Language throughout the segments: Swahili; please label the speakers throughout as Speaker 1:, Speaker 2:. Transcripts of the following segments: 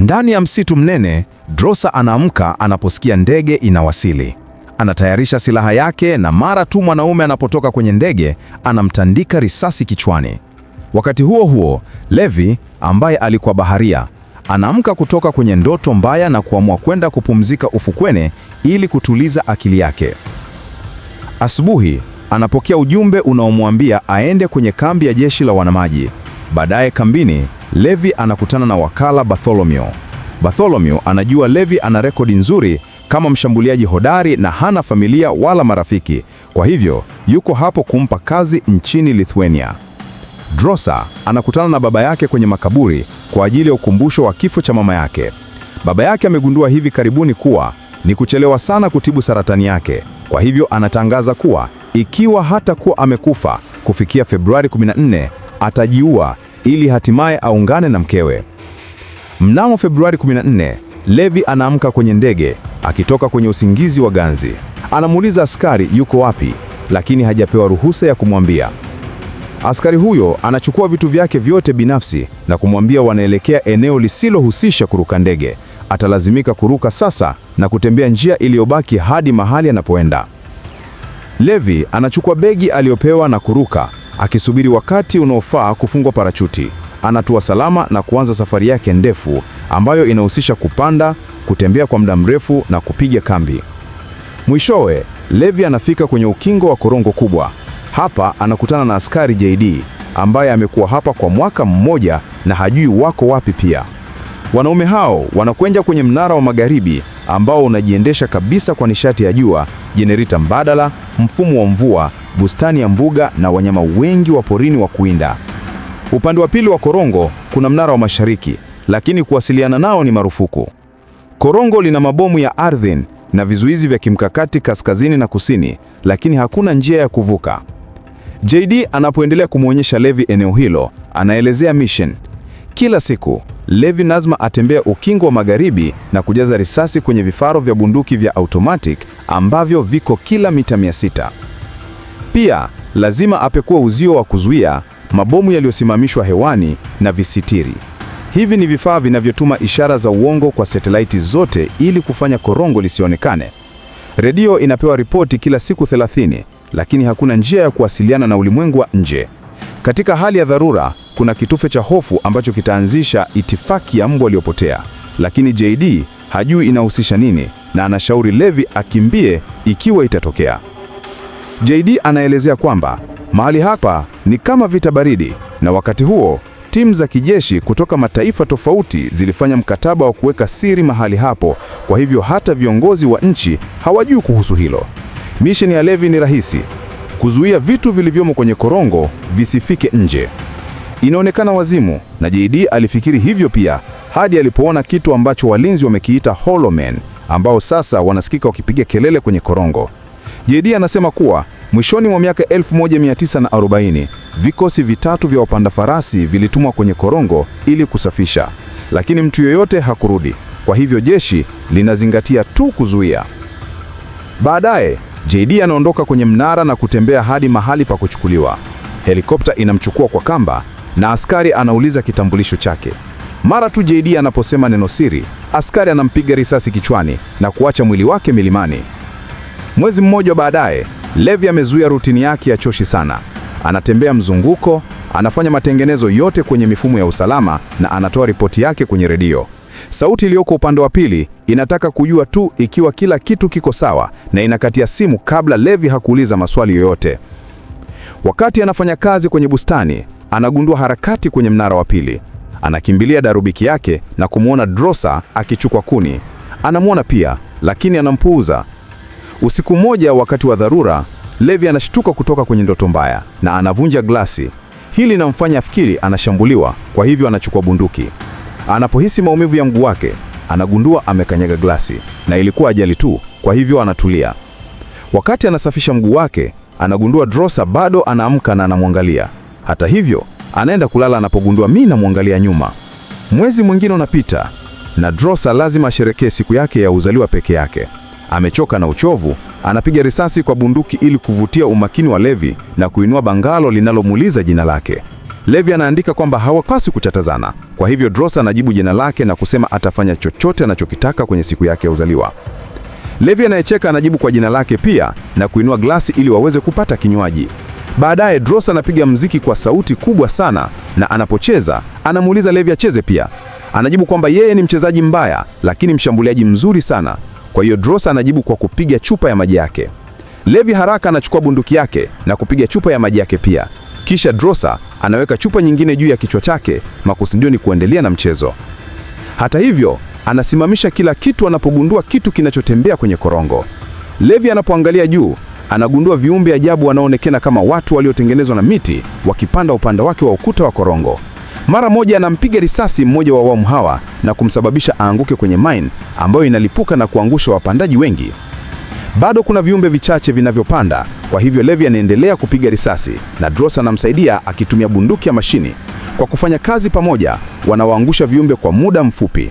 Speaker 1: Ndani ya msitu mnene, Drosa anaamka anaposikia ndege inawasili. Anatayarisha silaha yake na mara tu mwanaume anapotoka kwenye ndege, anamtandika risasi kichwani. Wakati huo huo, Levi ambaye alikuwa baharia anaamka kutoka kwenye ndoto mbaya na kuamua kwenda kupumzika ufukweni ili kutuliza akili yake. Asubuhi anapokea ujumbe unaomwambia aende kwenye kambi ya jeshi la wanamaji. Baadaye kambini Levi anakutana na wakala Bartholomew. Bartholomew anajua Levi ana rekodi nzuri kama mshambuliaji hodari na hana familia wala marafiki, kwa hivyo yuko hapo kumpa kazi nchini Lithuania. Drosa anakutana na baba yake kwenye makaburi kwa ajili ya ukumbusho wa kifo cha mama yake. Baba yake amegundua hivi karibuni kuwa ni kuchelewa sana kutibu saratani yake, kwa hivyo anatangaza kuwa ikiwa hata kuwa amekufa kufikia Februari 14 atajiua ili hatimaye aungane na mkewe. Mnamo Februari 14, Levi anaamka kwenye ndege akitoka kwenye usingizi wa ganzi. Anamuuliza askari yuko wapi, lakini hajapewa ruhusa ya kumwambia. Askari huyo anachukua vitu vyake vyote binafsi na kumwambia wanaelekea eneo lisilohusisha kuruka ndege. Atalazimika kuruka sasa na kutembea njia iliyobaki hadi mahali anapoenda. Levi anachukua begi aliyopewa na kuruka akisubiri wakati unaofaa kufungwa parachuti. Anatua salama na kuanza safari yake ndefu ambayo inahusisha kupanda, kutembea kwa muda mrefu na kupiga kambi. Mwishowe, Levi anafika kwenye ukingo wa korongo kubwa. Hapa anakutana na askari JD ambaye amekuwa hapa kwa mwaka mmoja na hajui wako wapi. Pia wanaume hao wanakwenda kwenye mnara wa magharibi ambao unajiendesha kabisa kwa nishati ya jua, jenerita mbadala, mfumo wa mvua bustani ya mbuga na wanyama wengi wa porini wa kuinda Upande wa pili wa korongo kuna mnara wa mashariki, lakini kuwasiliana nao ni marufuku. Korongo lina mabomu ya ardhin na vizuizi vya kimkakati kaskazini na kusini, lakini hakuna njia ya kuvuka. JD anapoendelea kumwonyesha Levi eneo hilo, anaelezea mission. Kila siku Levi lazima atembea ukingo wa magharibi na kujaza risasi kwenye vifaro vya bunduki vya automatic ambavyo viko kila mita sita. Pia lazima apekua uzio wa kuzuia, mabomu yaliyosimamishwa hewani na visitiri. Hivi ni vifaa vinavyotuma ishara za uongo kwa satelaiti zote ili kufanya korongo lisionekane. Redio inapewa ripoti kila siku 30, lakini hakuna njia ya kuwasiliana na ulimwengu wa nje. Katika hali ya dharura, kuna kitufe cha hofu ambacho kitaanzisha itifaki ya mbwa aliyopotea lakini JD hajui inahusisha nini na anashauri Levi akimbie ikiwa itatokea. JD anaelezea kwamba mahali hapa ni kama vita baridi, na wakati huo timu za kijeshi kutoka mataifa tofauti zilifanya mkataba wa kuweka siri mahali hapo, kwa hivyo hata viongozi wa nchi hawajui kuhusu hilo. Misheni ya Levi ni rahisi: kuzuia vitu vilivyomo kwenye korongo visifike nje. Inaonekana wazimu, na JD alifikiri hivyo pia hadi alipoona kitu ambacho walinzi wamekiita Hollow Men ambao sasa wanasikika wakipiga kelele kwenye korongo. JD anasema kuwa mwishoni mwa miaka 1940 vikosi vitatu vya wapanda farasi vilitumwa kwenye korongo ili kusafisha, lakini mtu yoyote hakurudi. Kwa hivyo jeshi linazingatia tu kuzuia. Baadaye JD anaondoka kwenye mnara na kutembea hadi mahali pa kuchukuliwa. Helikopta inamchukua kwa kamba na askari anauliza kitambulisho chake. Mara tu JD anaposema neno siri, askari anampiga risasi kichwani na kuacha mwili wake milimani. Mwezi mmoja baadaye, Levi amezuia rutini yake ya choshi sana. Anatembea mzunguko, anafanya matengenezo yote kwenye mifumo ya usalama na anatoa ripoti yake kwenye redio. Sauti iliyoko upande wa pili inataka kujua tu ikiwa kila kitu kiko sawa na inakatia simu kabla Levi hakuuliza maswali yoyote. Wakati anafanya kazi kwenye bustani, anagundua harakati kwenye mnara wa pili. Anakimbilia darubiki yake na kumwona Drosa akichukua kuni. Anamwona pia, lakini anampuuza Usiku mmoja wakati wa dharura, Levi anashtuka kutoka kwenye ndoto mbaya na anavunja glasi. Hili linamfanya afikiri anashambuliwa, kwa hivyo anachukua bunduki. Anapohisi maumivu ya mguu wake, anagundua amekanyaga glasi na ilikuwa ajali tu, kwa hivyo anatulia. Wakati anasafisha mguu wake, anagundua Drosa bado anaamka na anamwangalia. Hata hivyo, anaenda kulala anapogundua mimi namwangalia nyuma. Mwezi mwingine unapita na Drosa lazima asherekee siku yake ya uzaliwa peke yake. Amechoka na uchovu, anapiga risasi kwa bunduki ili kuvutia umakini wa Levi na kuinua bangalo linalomuuliza jina lake. Levi anaandika kwamba hawapaswi kuchatazana. Kwa hivyo Drosa anajibu jina lake na kusema atafanya chochote anachokitaka kwenye siku yake ya uzaliwa. Levi anayecheka anajibu kwa jina lake pia na kuinua glasi ili waweze kupata kinywaji. Baadaye Drosa anapiga mziki kwa sauti kubwa sana na anapocheza anamuuliza Levi acheze pia. Anajibu kwamba yeye ni mchezaji mbaya lakini mshambuliaji mzuri sana kwa hiyo Drosa anajibu kwa kupiga chupa ya maji yake. Levi haraka anachukua bunduki yake na kupiga chupa ya maji yake pia. Kisha Drosa anaweka chupa nyingine juu ya kichwa chake, makusudio ni kuendelea na mchezo. Hata hivyo, anasimamisha kila kitu anapogundua kitu kinachotembea kwenye korongo. Levi anapoangalia juu, anagundua viumbe ajabu wanaoonekana kama watu waliotengenezwa na miti wakipanda upande wake wa ukuta wa korongo. Mara moja anampiga risasi mmoja wa wamu hawa na kumsababisha aanguke kwenye mine ambayo inalipuka na kuangusha wapandaji wengi. Bado kuna viumbe vichache vinavyopanda, kwa hivyo Levi anaendelea kupiga risasi na Dross anamsaidia akitumia bunduki ya mashini. Kwa kufanya kazi pamoja, wanawaangusha viumbe kwa muda mfupi.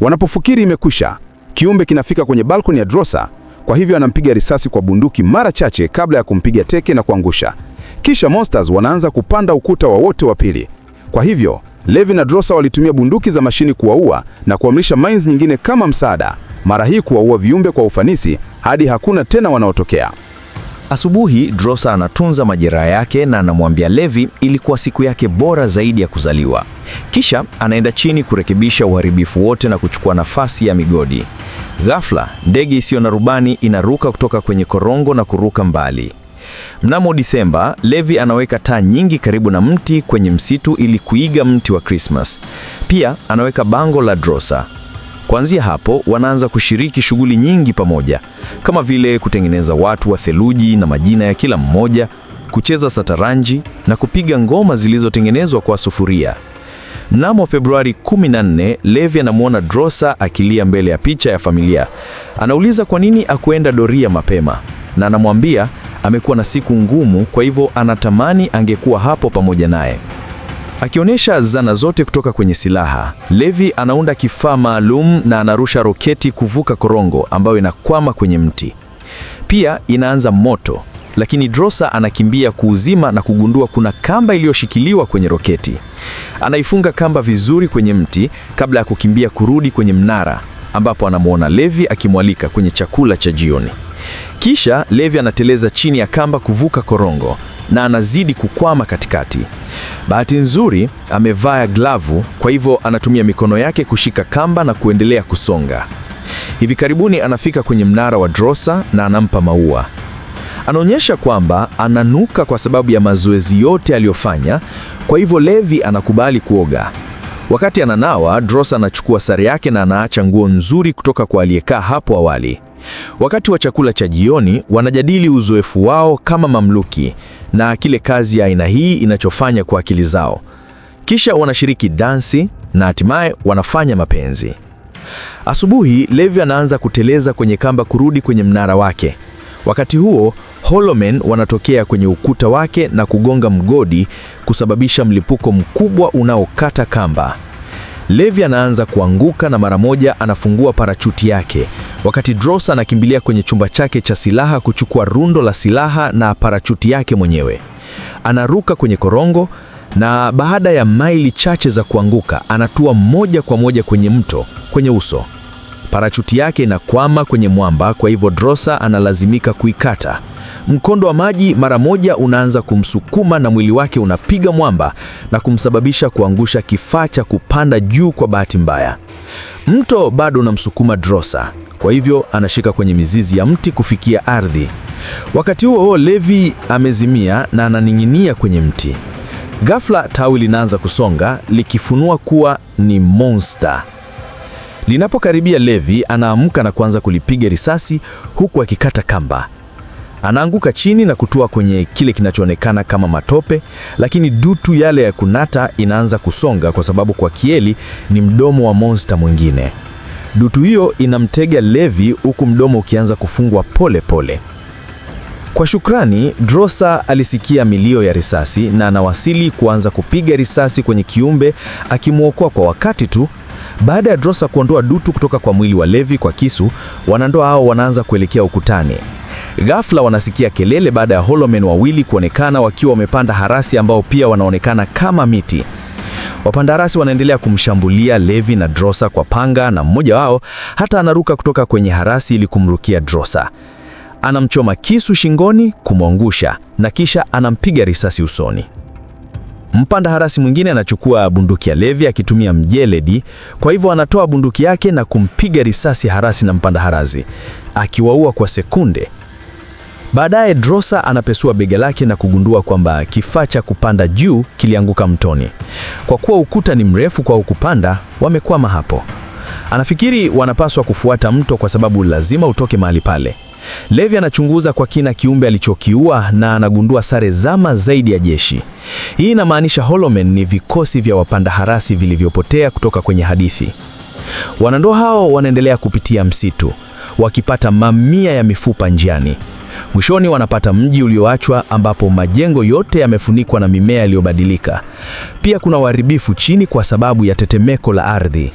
Speaker 1: Wanapofikiri imekwisha, kiumbe kinafika kwenye balkoni ya Drosa, kwa hivyo anampiga risasi kwa bunduki mara chache kabla ya kumpiga teke na kuangusha. Kisha monsters wanaanza kupanda ukuta wa wote wa pili. Kwa hivyo Levi na Drosa walitumia bunduki za mashini kuwaua na kuamrisha mines nyingine kama msaada, mara hii kuwaua viumbe kwa ufanisi hadi hakuna tena wanaotokea.
Speaker 2: Asubuhi Drosa anatunza majeraha yake na anamwambia Levi ilikuwa siku yake bora zaidi ya kuzaliwa. Kisha anaenda chini kurekebisha uharibifu wote na kuchukua nafasi ya migodi. Ghafla ndege isiyo na rubani inaruka kutoka kwenye korongo na kuruka mbali. Mnamo Disemba, Levi anaweka taa nyingi karibu na mti kwenye msitu ili kuiga mti wa Krismas. Pia anaweka bango la Drosa. Kuanzia hapo wanaanza kushiriki shughuli nyingi pamoja, kama vile kutengeneza watu wa theluji na majina ya kila mmoja, kucheza sataranji na kupiga ngoma zilizotengenezwa kwa sufuria. Mnamo Februari 14, Levi anamwona Drosa akilia mbele ya picha ya familia. Anauliza kwa nini akuenda doria mapema na anamwambia amekuwa na siku ngumu, kwa hivyo anatamani angekuwa hapo pamoja naye. Akionyesha zana zote kutoka kwenye silaha, Levi anaunda kifaa maalum na anarusha roketi kuvuka korongo ambayo inakwama kwenye mti. Pia inaanza moto, lakini Drosa anakimbia kuuzima na kugundua kuna kamba iliyoshikiliwa kwenye roketi. Anaifunga kamba vizuri kwenye mti kabla ya kukimbia kurudi kwenye mnara ambapo anamwona Levi akimwalika kwenye chakula cha jioni. Kisha Levi anateleza chini ya kamba kuvuka korongo na anazidi kukwama katikati. Bahati nzuri amevaa glavu, kwa hivyo anatumia mikono yake kushika kamba na kuendelea kusonga. Hivi karibuni anafika kwenye mnara wa Drosa na anampa maua. Anaonyesha kwamba ananuka kwa sababu ya mazoezi yote aliyofanya, kwa hivyo Levi anakubali kuoga. Wakati ananawa, Drosa anachukua sare yake na anaacha nguo nzuri kutoka kwa aliyekaa hapo awali. Wakati wa chakula cha jioni, wanajadili uzoefu wao kama mamluki na kile kazi ya aina hii inachofanya kwa akili zao. Kisha wanashiriki dansi na hatimaye wanafanya mapenzi. Asubuhi, Levi anaanza kuteleza kwenye kamba kurudi kwenye mnara wake. Wakati huo, Holomen wanatokea kwenye ukuta wake na kugonga mgodi kusababisha mlipuko mkubwa unaokata kamba. Levi anaanza kuanguka na mara moja anafungua parachuti yake Wakati Dross anakimbilia kwenye chumba chake cha silaha kuchukua rundo la silaha na parachuti yake mwenyewe. Anaruka kwenye korongo na baada ya maili chache za kuanguka, anatua moja kwa moja kwenye mto kwenye uso. Parachuti yake inakwama kwenye mwamba, kwa hivyo drosa analazimika kuikata. Mkondo wa maji mara moja unaanza kumsukuma na mwili wake unapiga mwamba na kumsababisha kuangusha kifaa cha kupanda juu kwa bahati mbaya. Mto bado unamsukuma drosa kwa hivyo anashika kwenye mizizi ya mti kufikia ardhi. Wakati huo huo, Levi amezimia na ananing'inia kwenye mti. Ghafla tawi linaanza kusonga likifunua kuwa ni monster. Linapokaribia, Levi anaamka na kuanza kulipiga risasi huku akikata kamba. Anaanguka chini na kutua kwenye kile kinachoonekana kama matope, lakini dutu yale ya kunata inaanza kusonga kwa sababu kwa kieli ni mdomo wa monster mwingine. Dutu hiyo inamtega Levi huku mdomo ukianza kufungwa pole pole. Kwa shukrani, Drosa alisikia milio ya risasi na anawasili kuanza kupiga risasi kwenye kiumbe akimwokoa kwa wakati tu. Baada ya Drosa kuondoa dutu kutoka kwa mwili wa Levi kwa kisu, wanandoa hao wanaanza kuelekea ukutani. Ghafla wanasikia kelele baada ya Holomen wawili kuonekana wakiwa wamepanda harasi ambao pia wanaonekana kama miti. Wapandarasi wanaendelea kumshambulia Levi na Drosa kwa panga na mmoja wao hata anaruka kutoka kwenye harasi ili kumrukia Drosa. Anamchoma kisu shingoni kumwangusha na kisha anampiga risasi usoni. Mpanda harasi mwingine anachukua bunduki ya Levi akitumia mjeledi, kwa hivyo anatoa bunduki yake na kumpiga risasi harasi na mpanda harasi, akiwaua kwa sekunde. Baadaye Drosa anapesua bega lake na kugundua kwamba kifaa cha kupanda juu kilianguka mtoni. Kwa kuwa ukuta ni mrefu kwa kupanda, wamekwama hapo. Anafikiri wanapaswa kufuata mto kwa sababu lazima utoke mahali pale. Levi anachunguza kwa kina kiumbe alichokiua na anagundua sare zama zaidi ya jeshi. Hii inamaanisha Holomen ni vikosi vya wapanda harasi vilivyopotea kutoka kwenye hadithi. Wanandoa hao wanaendelea kupitia msitu wakipata mamia ya mifupa njiani. Mwishoni wanapata mji ulioachwa ambapo majengo yote yamefunikwa na mimea iliyobadilika. Pia kuna uharibifu chini kwa sababu ya tetemeko la ardhi.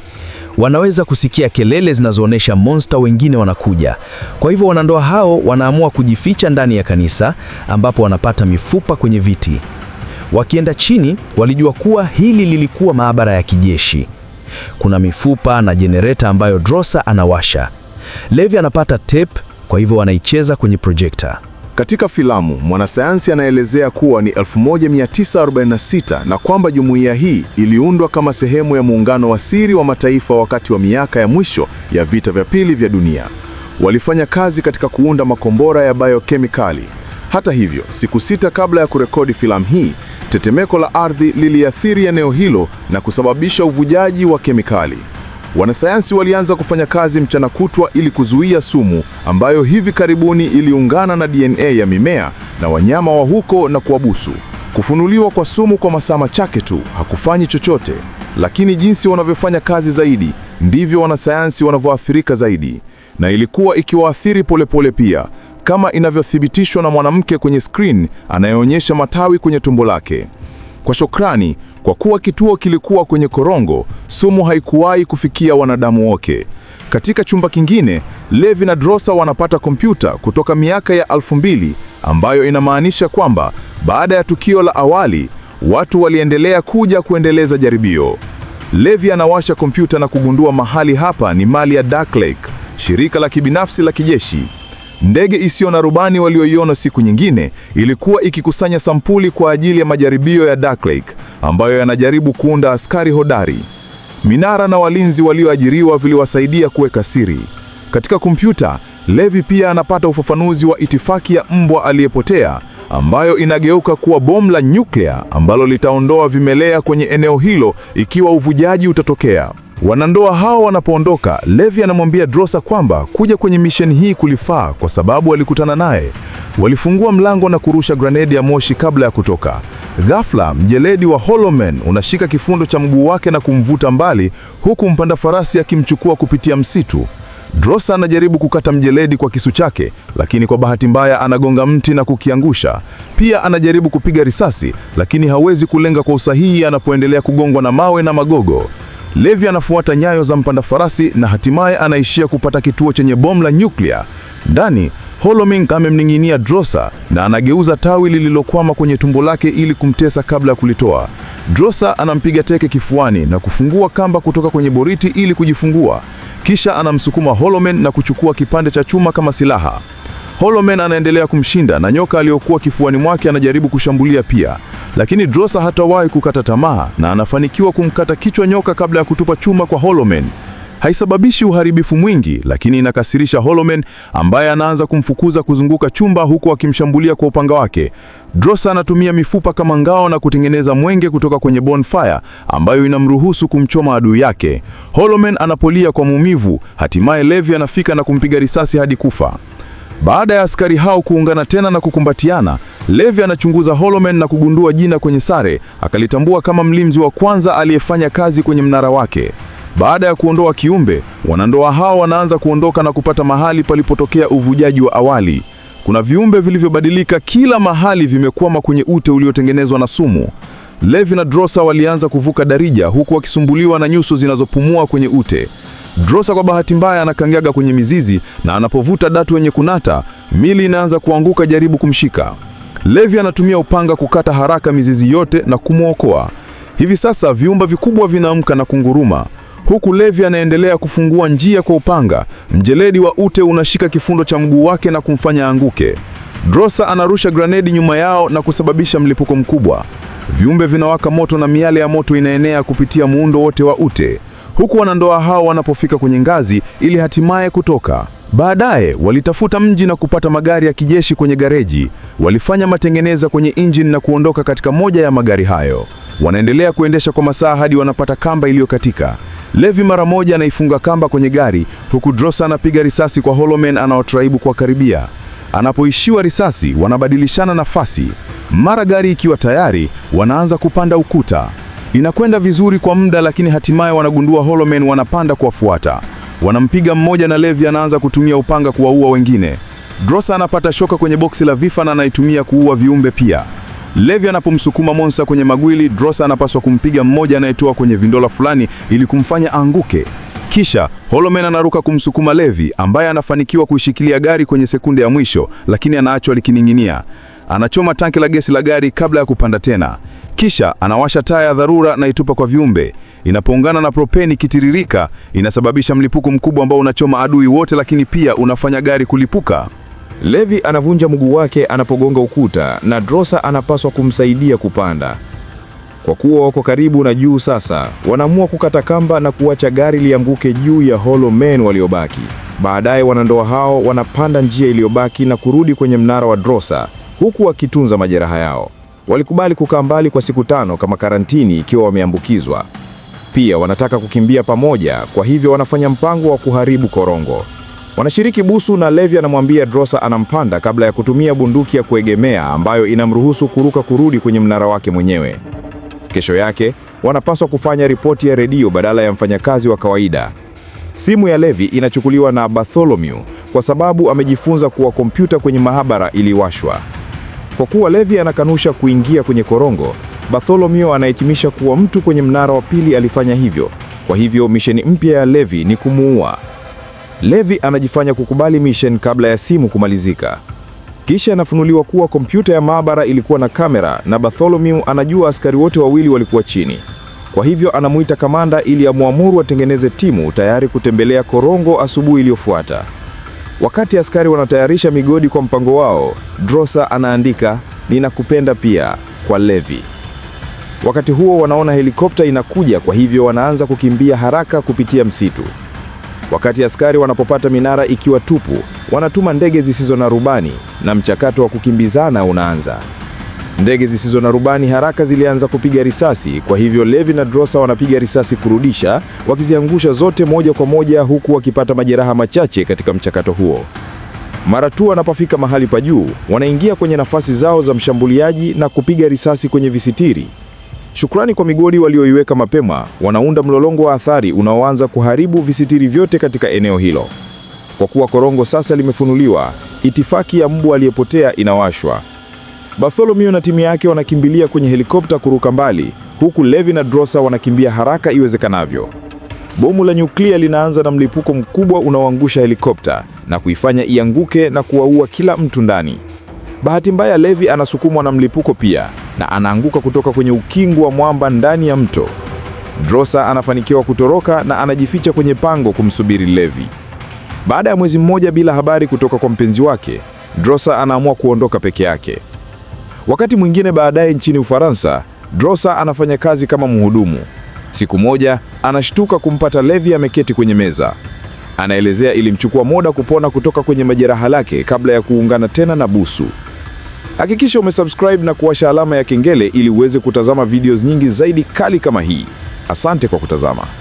Speaker 2: Wanaweza kusikia kelele zinazoonyesha monster wengine wanakuja. Kwa hivyo wanandoa hao wanaamua kujificha ndani ya kanisa ambapo wanapata mifupa kwenye viti. Wakienda chini, walijua kuwa hili lilikuwa maabara ya kijeshi. Kuna mifupa na jenereta ambayo Drosa anawasha. Levi anapata tape kwa hivyo wanaicheza kwenye projekta.
Speaker 3: Katika filamu mwanasayansi anaelezea kuwa ni 1946 na kwamba jumuiya hii iliundwa kama sehemu ya muungano wa siri wa mataifa wakati wa miaka ya mwisho ya vita vya pili vya dunia. Walifanya kazi katika kuunda makombora ya biokemikali. Hata hivyo, siku sita kabla ya kurekodi filamu hii, tetemeko la ardhi liliathiri eneo hilo na kusababisha uvujaji wa kemikali. Wanasayansi walianza kufanya kazi mchana kutwa ili kuzuia sumu ambayo hivi karibuni iliungana na DNA ya mimea na wanyama wa huko na kuwabusu. Kufunuliwa kwa sumu kwa masaa machache tu hakufanyi chochote, lakini jinsi wanavyofanya kazi zaidi ndivyo wanasayansi wanavyoathirika zaidi, na ilikuwa ikiwaathiri polepole pia, kama inavyothibitishwa na mwanamke kwenye skrini anayeonyesha matawi kwenye tumbo lake. Kwa shukrani, kwa kuwa kituo kilikuwa kwenye korongo, sumu haikuwahi kufikia wanadamu wote. Katika chumba kingine, Levi na Drosa wanapata kompyuta kutoka miaka ya elfu mbili ambayo inamaanisha kwamba baada ya tukio la awali, watu waliendelea kuja kuendeleza jaribio. Levi anawasha kompyuta na kugundua mahali hapa ni mali ya Dark Lake, shirika la kibinafsi la kijeshi. Ndege isiyo na rubani walioiona siku nyingine ilikuwa ikikusanya sampuli kwa ajili ya majaribio ya Dark Lake ambayo yanajaribu kuunda askari hodari. Minara na walinzi walioajiriwa viliwasaidia kuweka siri. Katika kompyuta, Levi pia anapata ufafanuzi wa itifaki ya mbwa aliyepotea ambayo inageuka kuwa bomu la nyuklia ambalo litaondoa vimelea kwenye eneo hilo ikiwa uvujaji utatokea. Wanandoa hao wanapoondoka, Levi anamwambia Drosa kwamba kuja kwenye misheni hii kulifaa kwa sababu walikutana naye. Walifungua mlango na kurusha granedi ya moshi kabla ya kutoka. Ghafla, mjeledi wa Holomen unashika kifundo cha mguu wake na kumvuta mbali, huku mpanda farasi akimchukua kupitia msitu. Drosa anajaribu kukata mjeledi kwa kisu chake, lakini kwa bahati mbaya anagonga mti na kukiangusha. Pia anajaribu kupiga risasi, lakini hawezi kulenga kwa usahihi anapoendelea kugongwa na mawe na magogo. Levi anafuata nyayo za mpanda farasi na hatimaye anaishia kupata kituo chenye bomu la nyuklia. Ndani, Holoming amemning'inia Drosa na anageuza tawi lililokwama kwenye tumbo lake ili kumtesa kabla ya kulitoa. Drosa anampiga teke kifuani na kufungua kamba kutoka kwenye boriti ili kujifungua. Kisha anamsukuma Holomen na kuchukua kipande cha chuma kama silaha. Holomen anaendelea kumshinda na nyoka aliyokuwa kifuani mwake anajaribu kushambulia pia lakini Drosa hatawahi kukata tamaa na anafanikiwa kumkata kichwa nyoka kabla ya kutupa chuma kwa Holoman. Haisababishi uharibifu mwingi, lakini inakasirisha Holoman ambaye anaanza kumfukuza kuzunguka chumba huku akimshambulia kwa upanga wake. Drosa anatumia mifupa kama ngao na kutengeneza mwenge kutoka kwenye bonfire ambayo inamruhusu kumchoma adui yake. Holoman anapolia kwa maumivu, hatimaye Levi anafika na kumpiga risasi hadi kufa. Baada ya askari hao kuungana tena na kukumbatiana, Levi anachunguza Holomen na kugundua jina kwenye sare, akalitambua kama mlinzi wa kwanza aliyefanya kazi kwenye mnara wake. Baada ya kuondoa kiumbe, wanandoa hao wanaanza kuondoka na kupata mahali palipotokea uvujaji wa awali. Kuna viumbe vilivyobadilika kila mahali, vimekwama kwenye ute uliotengenezwa na sumu. Levi na Drosa walianza kuvuka darija huku wakisumbuliwa na nyuso zinazopumua kwenye ute. Drosa kwa bahati mbaya anakangaga kwenye mizizi na anapovuta datu wenye kunata, mili inaanza kuanguka jaribu kumshika. Levi anatumia upanga kukata haraka mizizi yote na kumwokoa. Hivi sasa viumba vikubwa vinaamka na kunguruma, huku Levi anaendelea kufungua njia kwa upanga. Mjeledi wa ute unashika kifundo cha mguu wake na kumfanya anguke. Drosa anarusha granedi nyuma yao na kusababisha mlipuko mkubwa. Viumbe vinawaka moto na miale ya moto inaenea kupitia muundo wote wa ute huku wanandoa hao wanapofika kwenye ngazi ili hatimaye kutoka. Baadaye walitafuta mji na kupata magari ya kijeshi kwenye gareji. Walifanya matengeneza kwenye injini na kuondoka katika moja ya magari hayo. Wanaendelea kuendesha kwa masaa hadi wanapata kamba iliyokatika. Levi mara moja anaifunga kamba kwenye gari, huku Drosa anapiga risasi kwa Holomen anaotraibu kwa karibia. Anapoishiwa risasi, wanabadilishana nafasi. Mara gari ikiwa tayari, wanaanza kupanda ukuta. Inakwenda vizuri kwa muda, lakini hatimaye wanagundua Holomen wanapanda kuwafuata. Wanampiga mmoja na Levi anaanza kutumia upanga kuwaua wengine. Drosa anapata shoka kwenye boksi la vifa na anaitumia kuua viumbe pia. Levi anapomsukuma Monsa kwenye magwili, Drosa anapaswa kumpiga mmoja anayetoa kwenye vindola fulani ili kumfanya anguke. Kisha Holomen anaruka kumsukuma Levi ambaye anafanikiwa kuishikilia gari kwenye sekunde ya mwisho, lakini anaachwa likining'inia. Anachoma tanki la gesi la gari kabla ya kupanda tena. Kisha anawasha taa ya dharura na itupa kwa viumbe. Inapoungana na propeni kitiririka, inasababisha mlipuko mkubwa ambao unachoma adui wote, lakini pia unafanya gari kulipuka.
Speaker 1: Levi anavunja mguu wake anapogonga ukuta na Drosa anapaswa kumsaidia kupanda. Kwa kuwa wako karibu na juu sasa, wanaamua kukata kamba na kuacha gari lianguke juu ya Hollow Men waliobaki. Baadaye wanandoa hao wanapanda njia iliyobaki na kurudi kwenye mnara wa Drosa huku wakitunza majeraha yao. Walikubali kukaa mbali kwa siku tano kama karantini ikiwa wameambukizwa. Pia wanataka kukimbia pamoja, kwa hivyo wanafanya mpango wa kuharibu korongo. Wanashiriki busu na Levi anamwambia Drosa anampanda kabla ya kutumia bunduki ya kuegemea ambayo inamruhusu kuruka kurudi kwenye mnara wake mwenyewe. Kesho yake wanapaswa kufanya ripoti ya redio badala ya mfanyakazi wa kawaida. Simu ya Levi inachukuliwa na Bartholomew kwa sababu amejifunza kuwa kompyuta kwenye maabara iliwashwa. Kwa kuwa Levi anakanusha kuingia kwenye korongo, Bartholomew anahitimisha kuwa mtu kwenye mnara wa pili alifanya hivyo. Kwa hivyo misheni mpya ya Levi ni kumuua. Levi anajifanya kukubali misheni kabla ya simu kumalizika. Kisha anafunuliwa kuwa kompyuta ya maabara ilikuwa na kamera na Bartholomew anajua askari wote wawili walikuwa chini. Kwa hivyo anamuita kamanda ili amwamuru atengeneze timu tayari kutembelea korongo asubuhi iliyofuata. Wakati askari wanatayarisha migodi kwa mpango wao, Drosa anaandika ninakupenda pia kwa Levi. Wakati huo wanaona helikopta inakuja, kwa hivyo wanaanza kukimbia haraka kupitia msitu. Wakati askari wanapopata minara ikiwa tupu, wanatuma ndege zisizo na rubani na mchakato wa kukimbizana unaanza. Ndege zisizo na rubani haraka zilianza kupiga risasi, kwa hivyo Levi na Drosa wanapiga risasi kurudisha, wakiziangusha zote moja kwa moja, huku wakipata majeraha machache katika mchakato huo. Mara tu wanapofika mahali pa juu, wanaingia kwenye nafasi zao za mshambuliaji na kupiga risasi kwenye visitiri. Shukrani kwa migodi walioiweka mapema, wanaunda mlolongo wa athari unaoanza kuharibu visitiri vyote katika eneo hilo. Kwa kuwa korongo sasa limefunuliwa, itifaki ya mbu aliyepotea inawashwa. Bartholomew na timu yake wanakimbilia kwenye helikopta kuruka mbali, huku Levi na Drosa wanakimbia haraka iwezekanavyo. Bomu la nyuklia linaanza na mlipuko mkubwa unaoangusha helikopta na kuifanya ianguke na kuwaua kila mtu ndani. Bahati mbaya, Levi anasukumwa na mlipuko pia na anaanguka kutoka kwenye ukingo wa mwamba ndani ya mto. Drosa anafanikiwa kutoroka na anajificha kwenye pango kumsubiri Levi. Baada ya mwezi mmoja bila habari kutoka kwa mpenzi wake, Drosa anaamua kuondoka peke yake. Wakati mwingine baadaye nchini Ufaransa, Drosa anafanya kazi kama mhudumu. Siku moja anashtuka kumpata Levi ameketi kwenye meza. Anaelezea ilimchukua muda kupona kutoka kwenye majeraha lake kabla ya kuungana tena na busu. Hakikisha umesubscribe na kuwasha alama ya kengele ili uweze kutazama videos nyingi zaidi kali kama hii. Asante kwa kutazama.